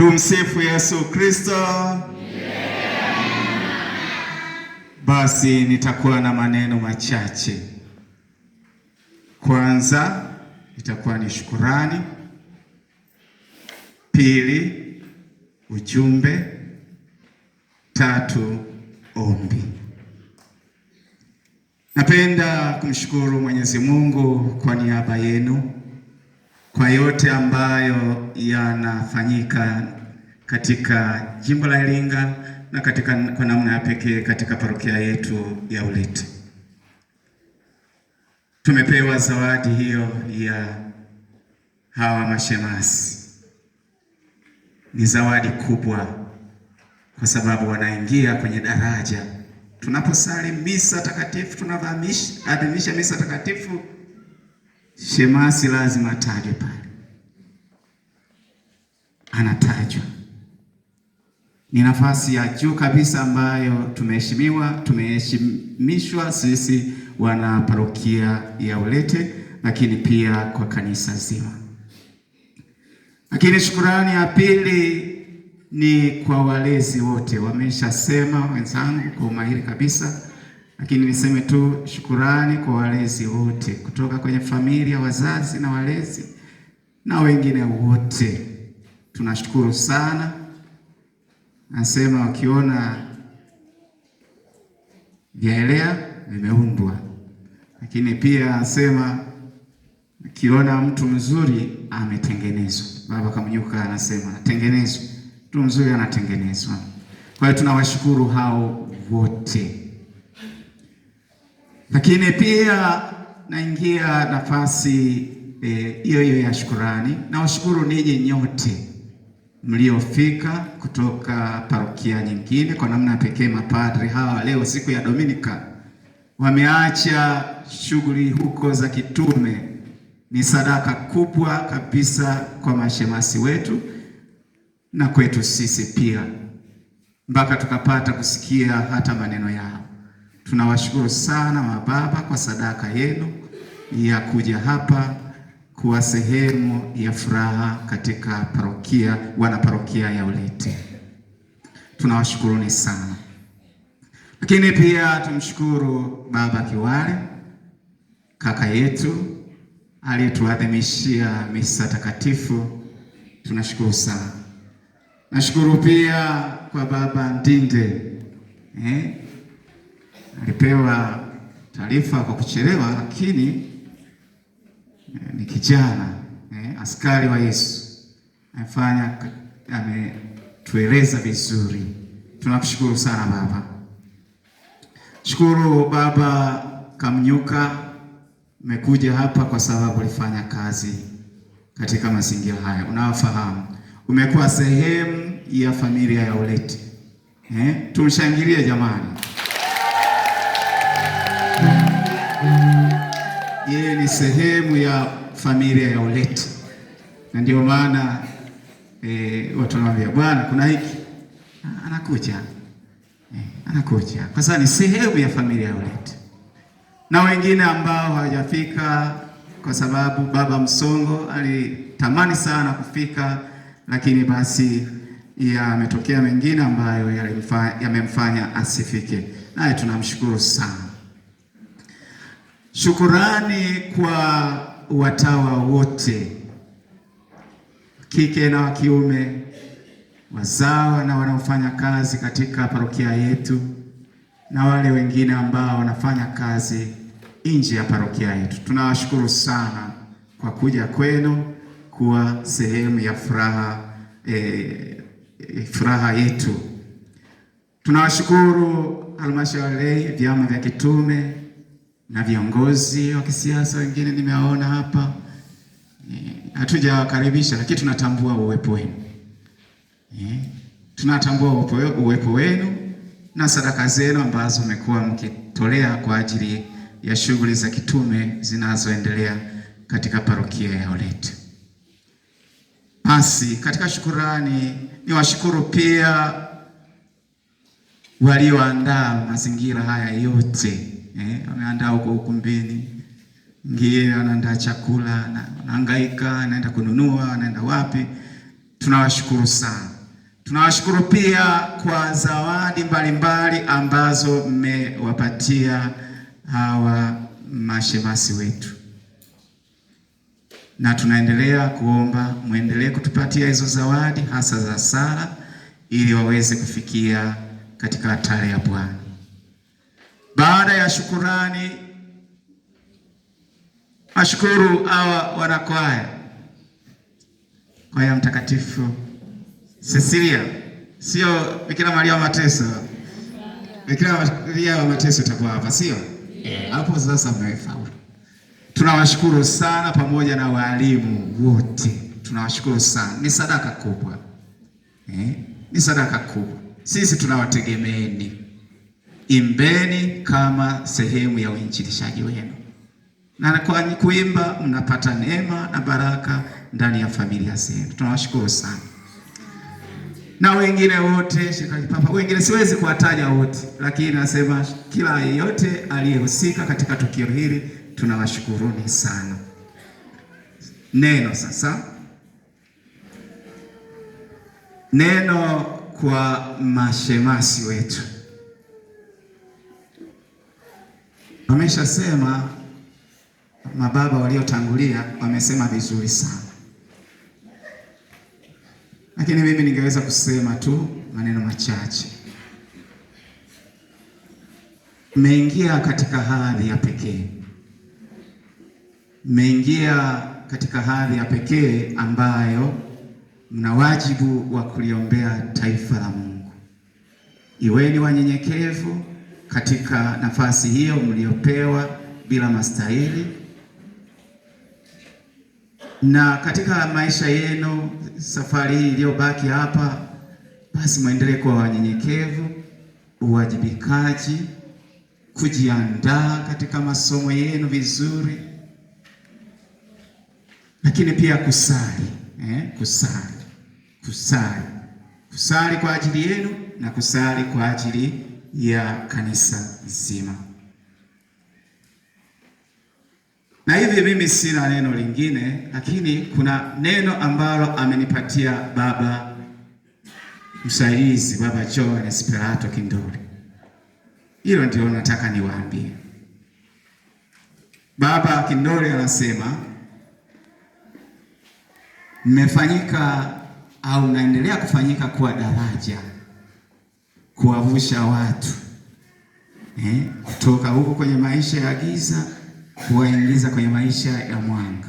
Tumsifu Yesu Kristo. Yeah. Basi nitakuwa na maneno machache. Kwanza itakuwa ni shukurani, pili ujumbe, tatu ombi. Napenda kumshukuru Mwenyezi Mungu kwa niaba yenu kwa yote ambayo yanafanyika katika jimbo la Iringa na katika kwa namna ya pekee katika parokia yetu ya Ulete. Tumepewa zawadi hiyo ya hawa mashemasi. Ni zawadi kubwa kwa sababu wanaingia kwenye daraja. Tunaposali misa takatifu, tunavamisha adhimisha misa takatifu Shemasi lazima atajwe pale, anatajwa. Ni nafasi ya juu kabisa ambayo tumeheshimiwa, tumeheshimishwa sisi wana parokia ya Ulete, lakini pia kwa kanisa zima. Lakini shukurani ya pili ni kwa walezi wote, wameshasema wenzangu kwa umahiri kabisa lakini niseme tu shukurani kwa walezi wote kutoka kwenye familia, wazazi na walezi na wengine wote, tunashukuru sana. Nasema wakiona vyaelea vimeundwa, lakini pia nasema ukiona mtu mzuri ametengenezwa. Baba Kamnyuka anasema atengenezwa, mtu mzuri anatengenezwa. Kwa hiyo tunawashukuru hao wote. Lakini pia naingia nafasi eh, hiyo e, hiyo ya shukurani. Nawashukuru ninyi nyote mliofika kutoka parokia nyingine, kwa namna pekee mapadri hawa leo siku ya Dominika wameacha shughuli huko za kitume. Ni sadaka kubwa kabisa kwa mashemasi wetu na kwetu sisi pia, mpaka tukapata kusikia hata maneno yao. Tunawashukuru sana mababa kwa sadaka yenu ya kuja hapa kuwa sehemu ya furaha katika parokia, wana parokia ya Ulete, tunawashukuruni sana. Lakini pia tumshukuru Baba Kiwale kaka yetu aliyetuadhimishia misa takatifu, tunashukuru sana. Nashukuru pia kwa Baba Ndinde eh? alipewa taarifa kwa kuchelewa, lakini eh, ni kijana eh, askari wa Yesu amefanya, ametueleza vizuri. Tunakushukuru sana Baba, shukuru Baba Kamnyuka, umekuja hapa kwa sababu ulifanya kazi katika mazingira haya, unawafahamu, umekuwa sehemu ya familia ya Ulete eh, tumshangilie jamani. yeye ni sehemu ya familia ya Oletu, na ndio maana e, watu wanaambia bwana, kuna hiki ah, anakuja e, anakuja kwa sababu ni sehemu ya familia ya Oletu, na wengine ambao hawajafika kwa sababu baba Msongo alitamani sana kufika, lakini basi yametokea mengine ambayo yamemfanya asifike, naye tunamshukuru sana. Shukurani kwa watawa wote kike na wa kiume, wazawa na wanaofanya kazi katika parokia yetu na wale wengine ambao wanafanya kazi nje ya parokia yetu. Tunawashukuru sana kwa kuja kwenu kuwa sehemu ya furaha eh, eh furaha yetu. Tunawashukuru halmashauri, vyama vya kitume na viongozi wa kisiasa wengine nimewaona hapa, e, hatujawakaribisha lakini tunatambua uwepo wenu, e, tunatambua uwepo wenu na sadaka zenu ambazo mmekuwa mkitolea kwa ajili ya shughuli za kitume zinazoendelea katika parokia ya Olete. Basi katika shukurani, ni washukuru pia walioandaa mazingira haya yote eh, huko ukumbini. Ngie anaandaa chakula, anahangaika, anaenda kununua, anaenda wapi. Tunawashukuru sana. Tunawashukuru pia kwa zawadi mbalimbali mbali ambazo mmewapatia hawa mashemasi wetu, na tunaendelea kuomba mwendelee kutupatia hizo zawadi hasa za sala, ili waweze kufikia katika hatari ya Bwana. Baada ya shukurani, ashukuru hawa wanakwaya, kwaya mtakatifu Cecilia, sio Bikira Maria wa Mateso. Bikira Maria wa Mateso itakuwa hapa, sio eh, hapo? Yeah. Sasa mmefaulu. Tunawashukuru sana, pamoja na walimu wote tunawashukuru sana, ni sadaka kubwa eh? Ni sadaka kubwa, sisi tunawategemeeni imbeni kama sehemu ya uinjilishaji wenu, na kwa kuimba mnapata neema na baraka ndani ya familia zenu. Tunawashukuru sana na wengine wote Shekali Papa, wengine siwezi kuwataja wote, lakini nasema kila yeyote aliyehusika katika tukio hili tunawashukuruni sana. Neno sasa, neno kwa mashemasi wetu. Wameshasema, mababa waliotangulia wamesema vizuri sana, lakini mimi ningeweza kusema tu maneno machache. Mmeingia katika hadhi ya pekee, mmeingia katika hadhi ya pekee ambayo mna wajibu wa kuliombea taifa la Mungu. Iweni wanyenyekevu katika nafasi hiyo mliopewa bila mastahili, na katika maisha yenu safari hii iliyobaki hapa, basi mwendelee kuwa wanyenyekevu, uwajibikaji, kujiandaa katika masomo yenu vizuri, lakini pia kusali eh, kusali kusali kusali kwa ajili yenu na kusali kwa ajili ya kanisa zima. Na hivi mimi sina neno lingine, lakini kuna neno ambalo amenipatia baba msaidizi, Baba John Esperato Kindole. Hilo ndio nataka niwaambie. Baba Kindole anasema mmefanyika au naendelea kufanyika kuwa daraja kuwavusha watu eh, kutoka huko kwenye maisha ya giza kuwaingiza kwenye maisha ya mwanga.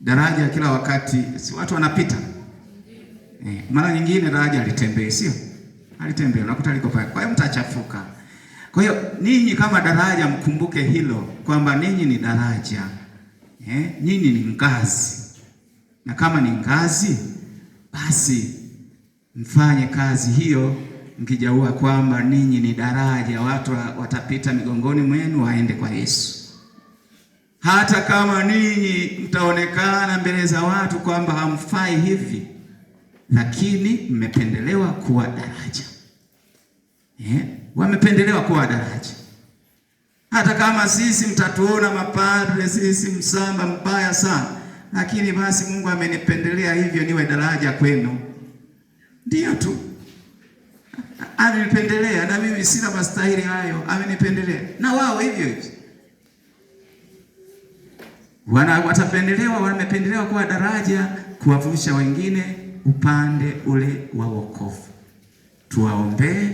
Daraja kila wakati si watu wanapita eh, mara nyingine daraja alitembee sio alitembee, unakuta liko pale, kwa hiyo mtachafuka. Kwa hiyo ninyi kama daraja, mkumbuke hilo kwamba ninyi ni daraja eh, ninyi ni ngazi, na kama ni ngazi basi mfanye kazi hiyo mkijaua kwamba ninyi ni daraja, watu watapita migongoni mwenu waende kwa Yesu. Hata kama ninyi mtaonekana mbele za watu kwamba hamfai hivi, lakini mmependelewa kuwa daraja yeah. Wamependelewa kuwa daraja. Hata kama sisi mtatuona mapadre, sisi msamba mbaya sana, lakini basi Mungu amenipendelea hivyo niwe daraja kwenu. Ndiyo tu amenipendelea, na mimi sina mastahili hayo, amenipendelea na wao hivyo hivyo. Wana watapendelewa, wamependelewa kwa daraja, kuwavusha wengine upande ule wa wokovu. Tuwaombee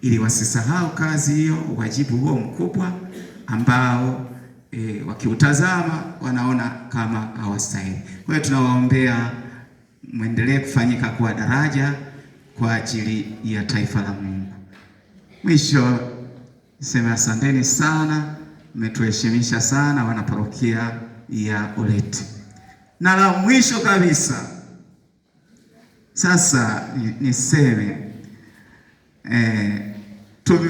ili wasisahau kazi hiyo, wajibu huo mkubwa ambao e, wakiutazama wanaona kama hawastahili. Kwa hiyo tunawaombea mwendelee kufanyika kuwa daraja kwa ajili ya taifa la Mungu. Mwisho niseme asanteni sana, mmetuheshimisha sana wanaparokia ya Oleti. Na la mwisho kabisa sasa niseme eh,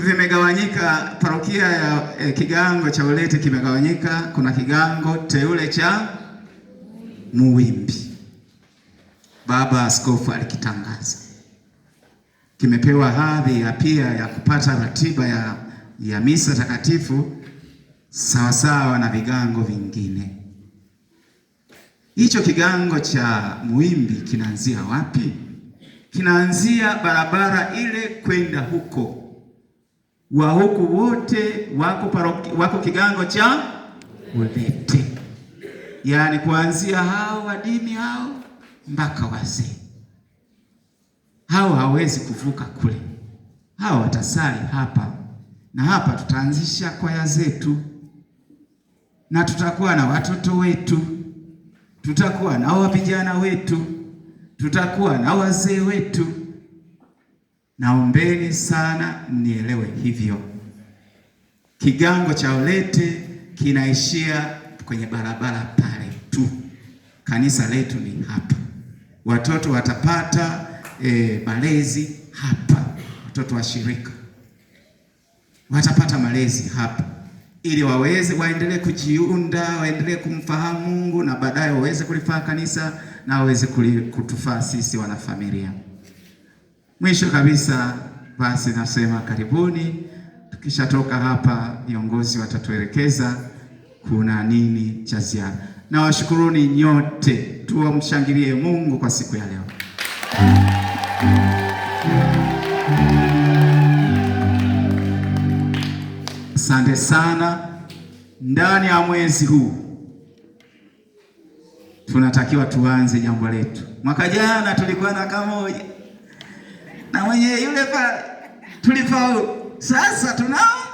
vimegawanyika parokia ya eh, kigango cha Oleti kimegawanyika. Kuna kigango teule cha Muwimbi, baba askofu alikitangaza kimepewa hadhi ya pia ya kupata ratiba ya, ya misa takatifu sawasawa na vigango vingine. Hicho kigango cha muimbi kinaanzia wapi? Kinaanzia barabara ile kwenda huko wa huku wote wako, paroki, wako kigango cha Ulete, yaani kuanzia hao wadini hao mpaka wazee hawa hawezi kuvuka kule, hawa watasali hapa na hapa, tutaanzisha kwaya zetu na tutakuwa na watoto wetu, tutakuwa na vijana wetu, tutakuwa na wazee wetu. Naombeni sana nielewe hivyo. Kigango cha ulete kinaishia kwenye barabara pale tu, kanisa letu ni hapa, watoto watapata e, malezi hapa. Watoto wa shirika watapata malezi hapa ili waweze waendelee kujiunda, waendelee kumfahamu Mungu na baadaye waweze kulifaa kanisa na waweze kutufaa sisi wanafamilia. Mwisho kabisa basi nasema karibuni. Tukishatoka hapa, viongozi watatuelekeza kuna nini cha ziada. Na washukuruni nyote, tuwamshangilie Mungu kwa siku ya leo. Asante sana. Ndani ya mwezi huu tunatakiwa tuanze jambo letu. Mwaka jana tulikuwa na kamoja na mwenye yule pale tulifaulu, sasa tunao